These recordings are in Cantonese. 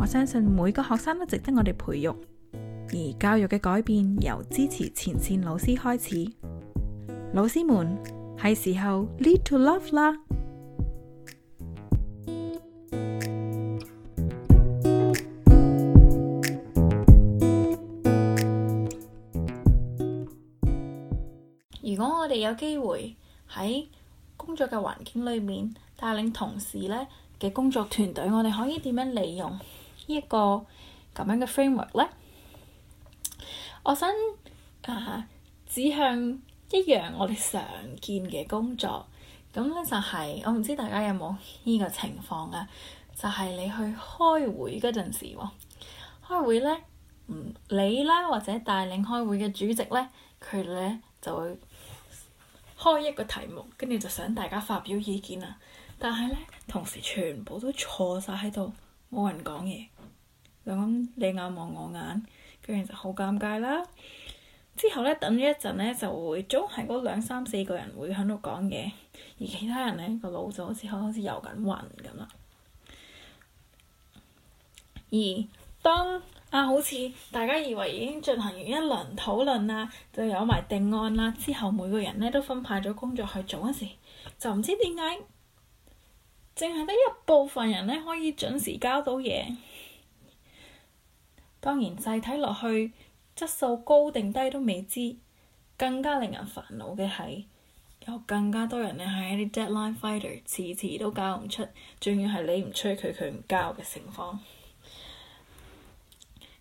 我相信每個學生都值得我哋培育，而教育嘅改變由支持前線老師開始。老師們，係時候 Lead to Love 啦。如果我哋有機會喺工作嘅環境裏面帶領同事呢嘅工作團隊，我哋可以點樣利用？一、呢一個咁樣嘅 framework 咧，我想啊、呃、指向一樣我哋常見嘅工作，咁咧就係、是、我唔知大家有冇呢個情況啊？就係、是、你去開會嗰陣時喎，開會咧，嗯，你啦或者帶領開會嘅主席咧，佢咧就會開一個題目，跟住就想大家發表意見啊，但係咧同時全部都坐晒喺度。冇人講嘢，咁你眼望我眼，跟住就好尷尬啦。之後咧，等咗一陣咧，就會總係嗰兩三四個人會喺度講嘢，而其他人咧個腦就好似好似遊緊魂咁啦。而當啊，好似大家以為已經進行完一輪討論啦，就有埋定案啦，之後每個人咧都分派咗工作去做嗰時，就唔知點解。淨係得一部分人咧可以準時交到嘢，當然細睇落去，質素高定低都未知。更加令人煩惱嘅係，有更加多人咧係一啲 deadline fighter，遲遲都交唔出，仲要係你唔催佢，佢唔交嘅情況。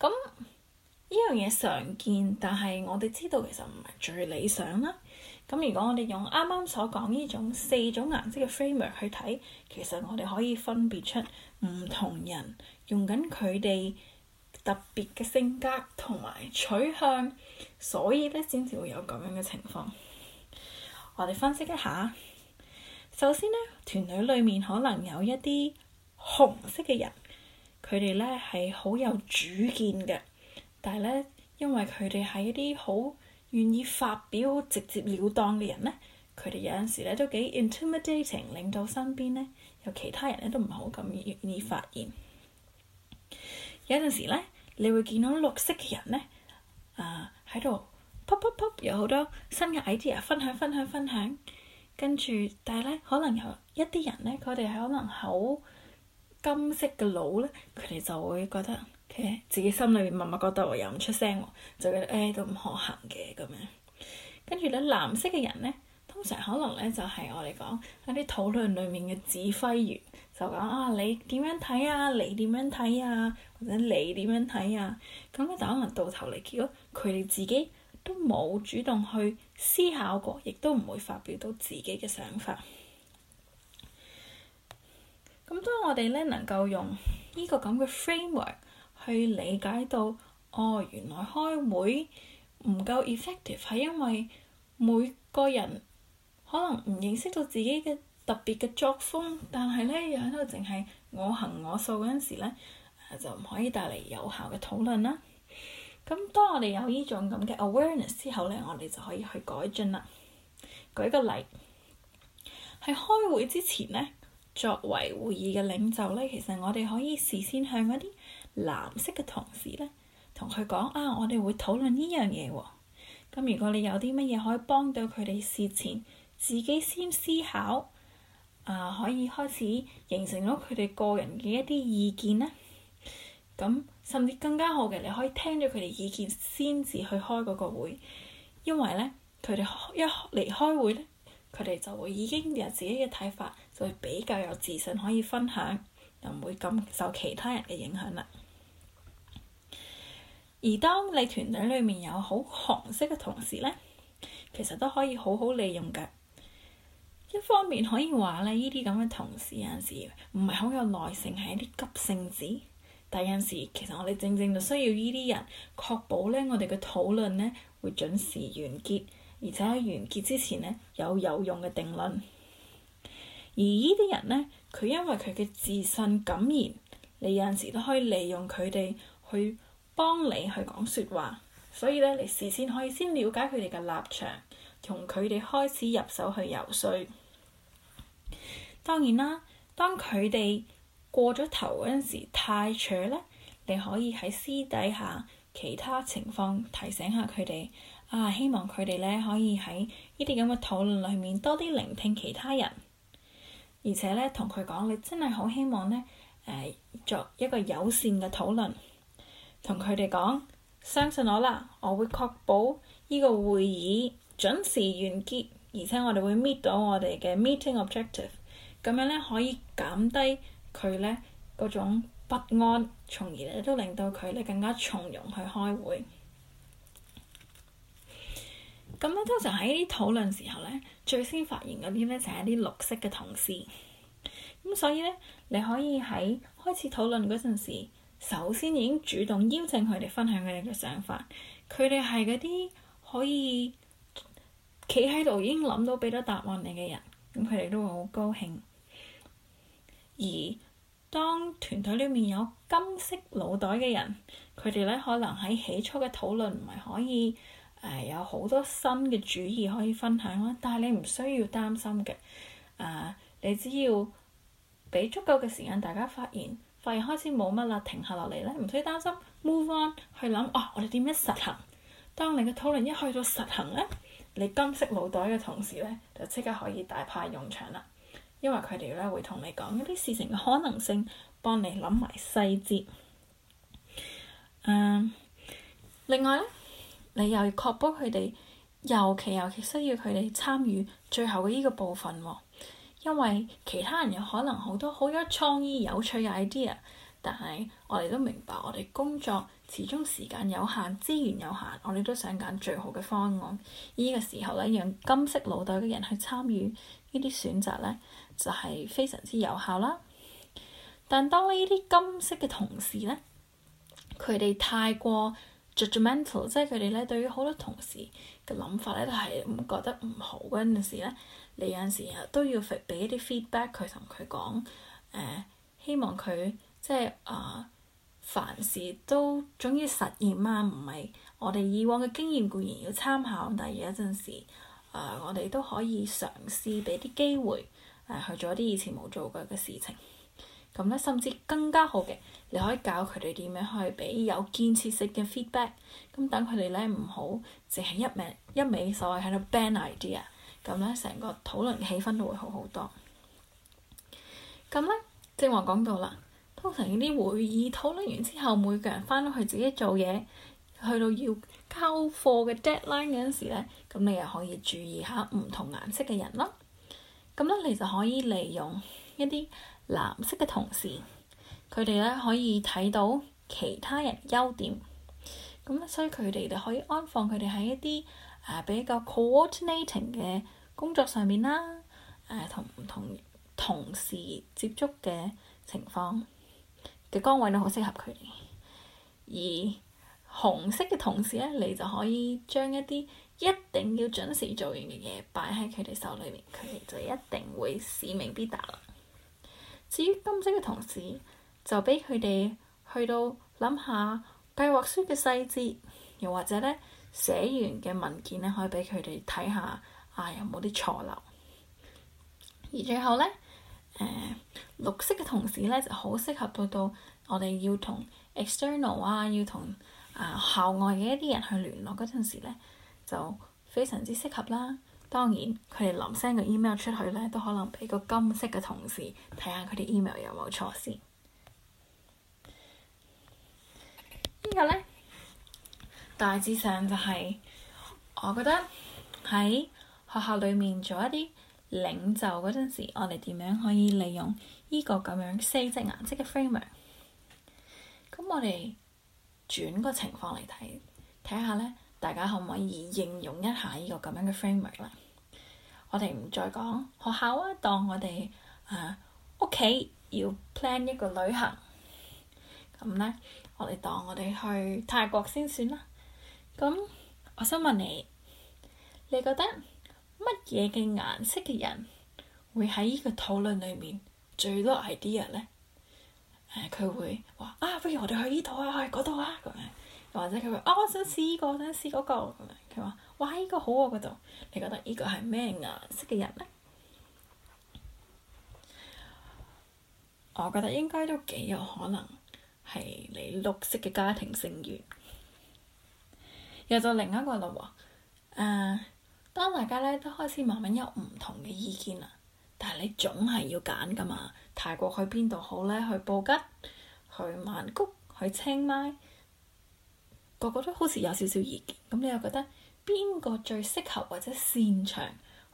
咁呢樣嘢常見，但係我哋知道其實唔係最理想啦。咁如果我哋用啱啱所講呢種四種顏色嘅 framework 去睇，其實我哋可以分別出唔同人用緊佢哋特別嘅性格同埋取向，所以咧先至會有咁樣嘅情況。我哋分析一下，首先咧團隊裏面可能有一啲紅色嘅人，佢哋咧係好有主見嘅，但係咧因為佢哋係一啲好願意發表直接了當嘅人咧，佢哋有陣時咧都幾 intimidating，令到身邊咧有其他人咧都唔好咁願意發言。有陣時咧，你會見到綠色嘅人咧，啊喺度 pop pop pop 有好多新嘅 idea 分享分享分享，跟住但係咧可能有一啲人咧，佢哋係可能好金色嘅腦咧，佢哋就會覺得。自己心裏面默默覺得喎，又唔出聲喎，就覺得誒、欸、都唔可行嘅咁樣。跟住咧，藍色嘅人咧，通常可能咧就係我哋講喺啲討論裏面嘅指揮員，就講啊你點樣睇啊，你點樣睇啊，啊，或者你點樣睇啊。咁咧就可能到頭嚟，結果佢哋自己都冇主動去思考過，亦都唔會發表到自己嘅想法。咁當我哋咧能夠用呢個咁嘅 framework。去理解到哦，原來開會唔夠 effective 係因為每個人可能唔認識到自己嘅特別嘅作風，但係咧又喺度淨係我行我素嗰陣時咧，就唔可以帶嚟有效嘅討論啦。咁當我哋有呢種咁嘅 awareness 之後咧，我哋就可以去改進啦。舉個例，喺開會之前咧。作為會議嘅領袖咧，其實我哋可以事先向一啲藍色嘅同事咧，同佢講啊，我哋會討論呢樣嘢喎。咁、啊、如果你有啲乜嘢可以幫到佢哋，事前自己先思考啊，可以開始形成咗佢哋個人嘅一啲意見咧。咁、啊、甚至更加好嘅，你可以聽咗佢哋意見先至去開嗰個會，因為咧佢哋一嚟開會咧，佢哋就會已經有自己嘅睇法，佢比較有自信可以分享，又唔會咁受其他人嘅影響啦。而當你團隊裏面有好紅色嘅同事呢，其實都可以好好利用嘅。一方面可以話呢呢啲咁嘅同事有陣時唔係好有耐性，係一啲急性子。但有陣時，其實我哋正正就需要呢啲人，確保呢，我哋嘅討論呢會準時完結，而且喺完結之前呢，有有用嘅定論。而呢啲人呢，佢因為佢嘅自信感言，你有陣時都可以利用佢哋去幫你去講説話，所以咧，你事先可以先了解佢哋嘅立場，同佢哋開始入手去游説。當然啦，當佢哋過咗頭嗰陣時太扯咧，你可以喺私底下其他情況提醒下佢哋啊，希望佢哋咧可以喺呢啲咁嘅討論裡面多啲聆聽其他人。而且咧，同佢講，你真係好希望咧，誒、呃、作一個友善嘅討論，同佢哋講，相信我啦，我會確保呢個會議準時完結，而且我哋會 meet 到我哋嘅 meeting objective，咁樣咧可以減低佢咧嗰種不安，從而咧都令到佢咧更加從容去開會，咁咧通常喺呢啲討論時候。最先發言嗰啲咧就係一啲綠色嘅同事，咁所以咧你可以喺開始討論嗰陣時，首先已經主動邀請佢哋分享佢哋嘅想法。佢哋係嗰啲可以企喺度已經諗到俾到答案你嘅人，咁佢哋都會好高興。而當團隊裏面有金色腦袋嘅人，佢哋咧可能喺起初嘅討論唔係可以。誒、呃、有好多新嘅主意可以分享啦，但係你唔需要擔心嘅。誒、呃，你只要俾足夠嘅時間大家發言，發言開始冇乜啦，停下落嚟咧，唔需要擔心。Move on 去諗，哇、啊！我哋點樣實行？當你嘅討論一去到實行咧，你金色腦袋嘅同時咧，就即刻可以大派用場啦。因為佢哋咧會同你講一啲事情嘅可能性，幫你諗埋細節。誒、呃，另外咧。你又要確保佢哋，尤其尤其需要佢哋參與最後嘅呢個部分喎，因為其他人有可能好多好有創意、有趣嘅 idea，但係我哋都明白我哋工作始終時間有限、資源有限，我哋都想揀最好嘅方案。呢、呢個時候咧，讓金色腦袋嘅人去參與呢啲選擇咧，就係、是、非常之有效啦。但當呢啲金色嘅同事咧，佢哋太過 judgmental 即係佢哋咧對於好多同事嘅諗法咧都係唔覺得唔好嗰陣時咧，你有陣時啊都要俾一啲 feedback 佢同佢講，誒、呃、希望佢即係啊、呃、凡事都中意實驗啊，唔係我哋以往嘅經驗固然要參考，但係有陣時啊、呃、我哋都可以嘗試俾啲機會，誒、呃、去做一啲以前冇做過嘅事情。咁咧，甚至更加好嘅，你可以教佢哋點樣去俾有建設性嘅 feedback。咁等佢哋咧唔好淨係一味一味所謂喺度 ban idea。咁咧，成個討論氣氛都會好好多。咁咧，正話講到啦，通常呢啲會議討論完之後，每個人翻去自己做嘢，去到要交貨嘅 deadline 嗰陣時咧，咁你又可以注意下唔同顏色嘅人咯。咁咧，你就可以利用一啲。藍色嘅同事，佢哋咧可以睇到其他人優點，咁所以佢哋就可以安放佢哋喺一啲啊、呃、比較 coordinating 嘅工作上面啦。誒、呃，同唔同同事接觸嘅情況嘅崗位咧，好適合佢哋。而紅色嘅同事咧，你就可以將一啲一定要準時做完嘅嘢擺喺佢哋手裏面，佢哋就一定會使命必達啦。至於金色嘅同事，就俾佢哋去到諗下計劃書嘅細節，又或者咧寫完嘅文件咧，可以俾佢哋睇下，啊有冇啲錯漏。而最後咧，誒、呃、綠色嘅同事咧，就好適合到到我哋要同 external 啊，要同啊校外嘅一啲人去聯絡嗰陣時咧，就非常之適合啦。當然，佢哋臨 send 個 email 出去呢，都可能畀個金色嘅同事睇下佢啲 email 有冇錯先。呢個呢，大致上就係、是、我覺得喺學校裡面做一啲領袖嗰陣時，我哋點樣可以利用呢個咁樣四隻顏色嘅 framework。咁我哋轉個情況嚟睇，睇下呢。大家可唔可以應用一下呢個咁樣嘅 framework 咧？我哋唔再講學校啊，當我哋啊屋企要 plan 一個旅行，咁咧我哋當我哋去泰國先算啦。咁我想問你，你覺得乜嘢嘅顏色嘅人會喺呢個討論裡面最多 idea 咧？誒、呃，佢會話啊，不如我哋去呢度啊，去嗰度啊咁樣。或者佢話，哦，我想試個，我想試嗰個。佢話，哇，呢個好啊！嗰度，你覺得呢個係咩顏色嘅人呢？我覺得應該都幾有可能係你綠色嘅家庭成員。又到另一個嘞喎，誒、啊，當大家咧都開始慢慢有唔同嘅意見啦，但係你總係要揀噶嘛。泰國去邊度好咧？去布吉、去曼谷、去清邁。個個都好似有少少意見，咁你又覺得邊個最適合或者擅長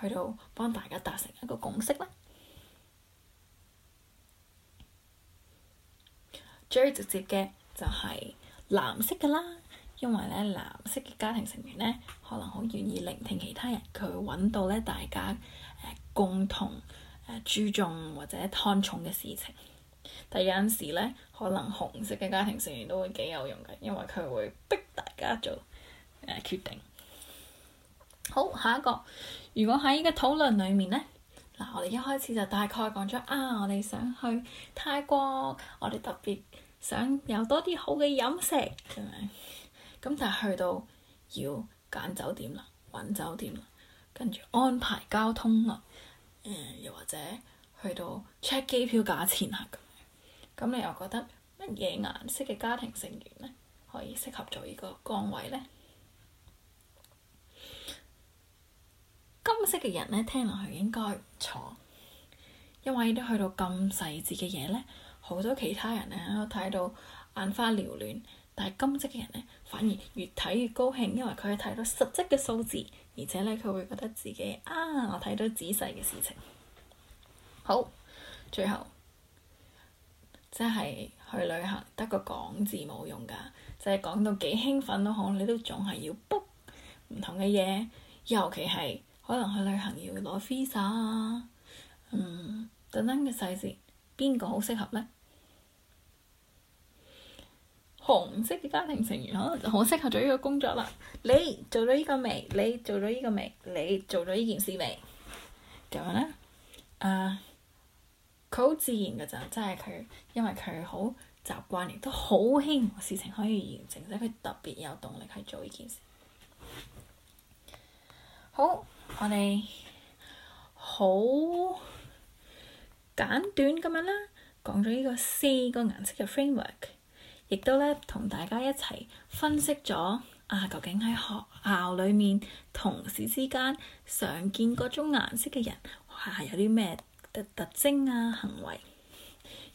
去到幫大家達成一個共識呢？最直接嘅就係藍色噶啦，因為咧藍色嘅家庭成員咧，可能好願意聆聽其他人，佢揾到咧大家，誒、呃、共同誒、呃、注重或者看重嘅事情。但有陣時咧，可能紅色嘅家庭成員都會幾有用嘅，因為佢會逼大家做誒、呃、決定。好，下一個，如果喺呢個討論裡面咧，嗱我哋一開始就大概講咗啊，我哋想去泰國，我哋特別想有多啲好嘅飲食，係咪？咁但係去到要揀酒店啦，揾酒店啦，跟住安排交通啦，誒、呃、又或者去到 check 機票價錢啊咁。咁你又覺得乜嘢顏色嘅家庭成員咧，可以適合做呢個崗位呢？金色嘅人呢，聽落去應該唔錯，因為都去到咁細緻嘅嘢呢。好多其他人呢，都睇到眼花撩亂，但係金色嘅人呢，反而越睇越高興，因為佢係睇到實質嘅數字，而且呢，佢會覺得自己啊，我睇到仔細嘅事情。好，最後。即係去旅行得個講字冇用㗎，就係講到幾興奮都好，你都總係要 book 唔同嘅嘢，尤其係可能去旅行要攞 visa 啊，嗯等等嘅細節，邊個好適合呢？紅色嘅家庭成員可能就好適合做呢個工作啦。你做咗呢個未？你做咗呢個未？你做咗呢件事未？咁樣呢。啊、uh！佢好自然嘅就，真係佢因為佢好習慣，亦都好希望事情可以完成，所以佢特別有動力去做呢件事。好，我哋好簡短咁樣啦，講咗呢個四個顏色嘅 framework，亦都咧同大家一齊分析咗啊，究竟喺學校裏面同事之間常見嗰種顏色嘅人係係有啲咩？特特徵啊，行為。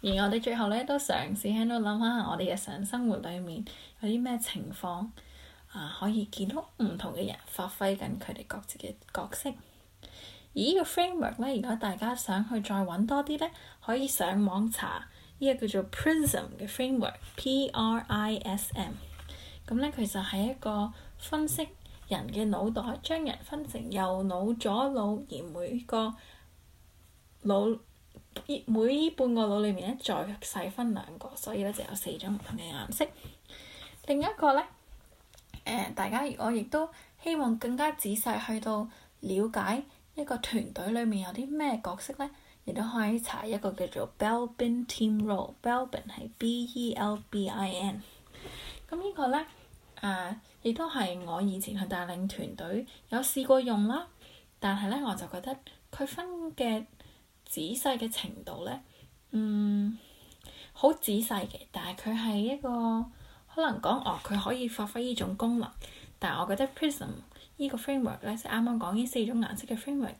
而我哋最後咧，都嘗試喺度諗下，我哋日常生活裏面有啲咩情況啊、呃，可以見到唔同嘅人發揮緊佢哋各自嘅角色。而呢個 framework 咧，如果大家想去再揾多啲咧，可以上網查，呢、這個叫做 PRISM 嘅 framework，P-R-I-S-M。咁咧，其實係一個分析人嘅腦袋，將人分成右腦、左腦，而每個腦每半個腦裏面咧，再細分兩個，所以咧就有四種唔同嘅顏色。另一個咧，誒、呃、大家我亦都希望更加仔細去到了解一個團隊裏面有啲咩角色咧，亦都可以查一個叫做 Belbin Team Role Bel。Belbin 係 B E L B I N。咁呢個咧啊，亦、呃、都係我以前去帶領團隊有試過用啦，但係咧我就覺得佢分嘅，仔細嘅程度咧，嗯，好仔細嘅，但係佢係一個可能講哦，佢可以發揮呢種功能，但係我覺得 PRISM 呢個 framework 咧，即啱啱講呢四種顏色嘅 framework，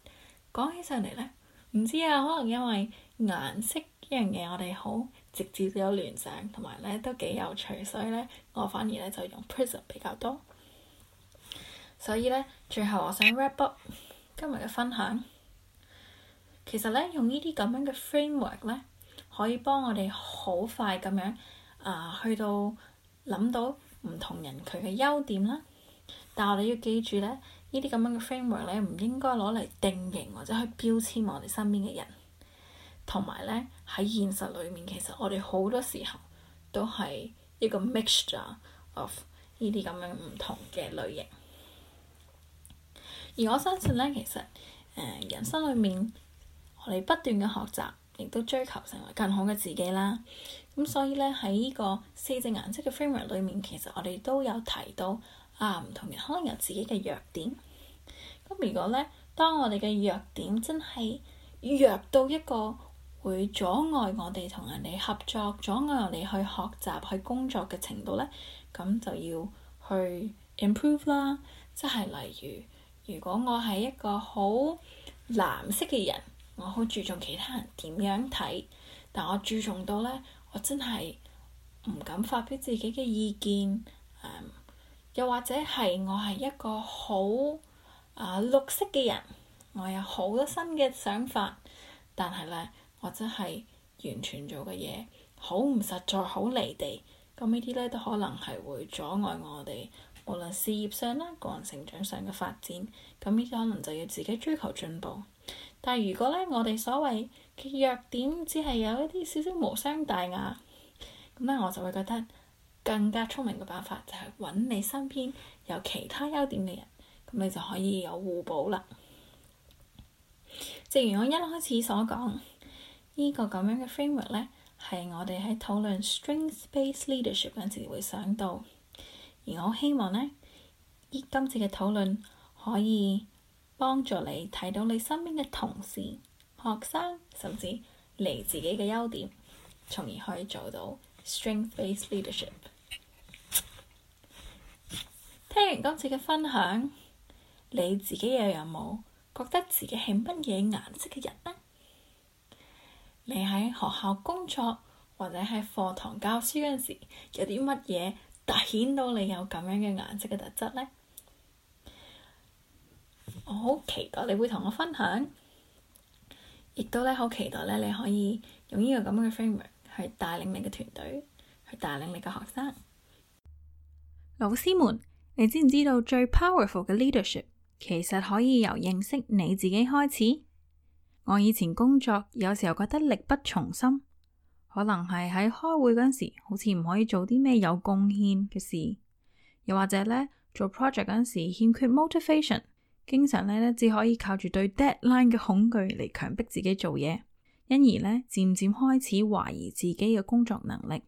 講起上嚟咧，唔知啊，可能因為顏色呢樣嘢我哋好直接有聯想，同埋咧都幾有趣，所以咧我反而咧就用 PRISM 比較多。所以咧，最後我想 wrap up 今日嘅分享。其實咧，用這這呢啲咁樣嘅 framework 咧，可以幫我哋好快咁樣啊、呃，去到諗到唔同人佢嘅優點啦。但係我哋要記住咧，這這呢啲咁樣嘅 framework 咧，唔應該攞嚟定型或者去標籤我哋身邊嘅人。同埋咧，喺現實裡面，其實我哋好多時候都係一個 mixture of 呢啲咁樣唔同嘅類型。而我相信咧，其實誒、呃、人生裡面。你不斷嘅學習，亦都追求成為更好嘅自己啦。咁所以咧，喺呢個四隻顏色嘅 framework 裏面，其實我哋都有提到啊，唔同人可能有自己嘅弱點。咁如果咧，當我哋嘅弱點真係弱到一個會阻礙我哋同人哋合作，阻礙我哋去學習去工作嘅程度咧，咁就要去 improve 啦。即係例如，如果我係一個好藍色嘅人。我好注重其他人點樣睇，但我注重到呢，我真係唔敢發表自己嘅意見。嗯，又或者係我係一個好啊、呃、綠色嘅人，我有好多新嘅想法，但係呢，我真係完全做嘅嘢好唔實在，好離地。咁呢啲呢，都可能係會阻礙我哋，無論事業上啦，個人成長上嘅發展，咁呢啲可能就要自己追求進步。但係如果咧，我哋所謂嘅弱點只係有一啲少少無傷大雅，咁咧我就會覺得更加聰明嘅辦法就係揾你身邊有其他優點嘅人，咁你就可以有互補啦。正如我一開始所講，呢個咁樣嘅 framework 咧，係我哋喺討論 strength-based leadership 嗰陣時會想到，而我希望咧，今次嘅討論可以。幫助你睇到你身邊嘅同事、學生，甚至你自己嘅優點，從而可以做到 strength-based leadership。聽完今次嘅分享，你自己又有冇覺得自己係乜嘢顏色嘅人呢？你喺學校工作或者喺課堂教書嗰陣時，有啲乜嘢凸顯到你有咁樣嘅顏色嘅特質呢？我好期待你會同我分享，亦都咧好期待咧，你可以用呢個咁嘅 framework 去帶領你嘅團隊，去帶領你嘅學生。老師們，你知唔知道最 powerful 嘅 leadership 其實可以由認識你自己開始？我以前工作有時候覺得力不從心，可能係喺開會嗰陣時，好似唔可以做啲咩有貢獻嘅事，又或者咧做 project 嗰陣時欠缺 motivation。經常咧只可以靠住對 deadline 嘅恐懼嚟強迫自己做嘢，因而呢，漸漸開始懷疑自己嘅工作能力。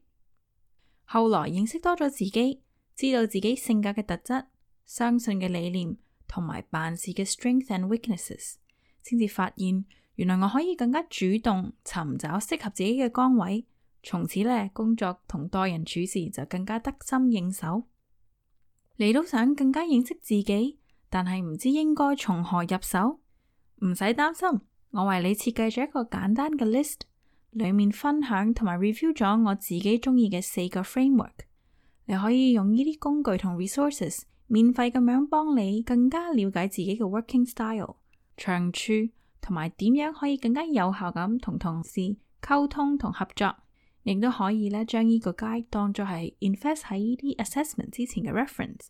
後來認識多咗自己，知道自己性格嘅特質、相信嘅理念同埋辦事嘅 strengths and weaknesses，先至發現原來我可以更加主動尋找適合自己嘅崗位。從此呢，工作同待人處事就更加得心應手。你都想更加認識自己。但係唔知應該從何入手？唔使擔心，我為你設計咗一個簡單嘅 list，裏面分享同埋 review 咗我自己中意嘅四個 framework。你可以用呢啲工具同 resources，免費咁樣幫你更加了解自己嘅 working style、長處同埋點樣可以更加有效咁同同事溝通同合作，亦都可以咧將呢個 guide 當作係 invest 喺呢啲 assessment 之前嘅 reference。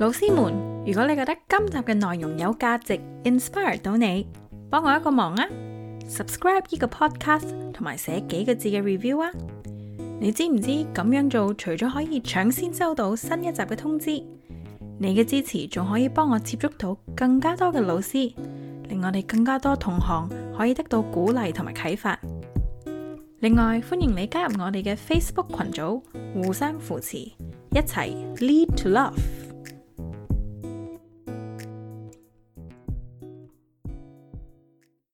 老師們，如果你覺得今集嘅內容有價值，inspire 到你，幫我一個忙啊！subscribe 呢個 podcast，同埋寫幾個字嘅 review 啊！你知唔知咁樣做，除咗可以搶先收到新一集嘅通知，你嘅支持仲可以幫我接觸到更加多嘅老師，令我哋更加多同行可以得到鼓勵同埋啟發。另外，歡迎你加入我哋嘅 Facebook 群組，互相扶持，一齊 lead to love。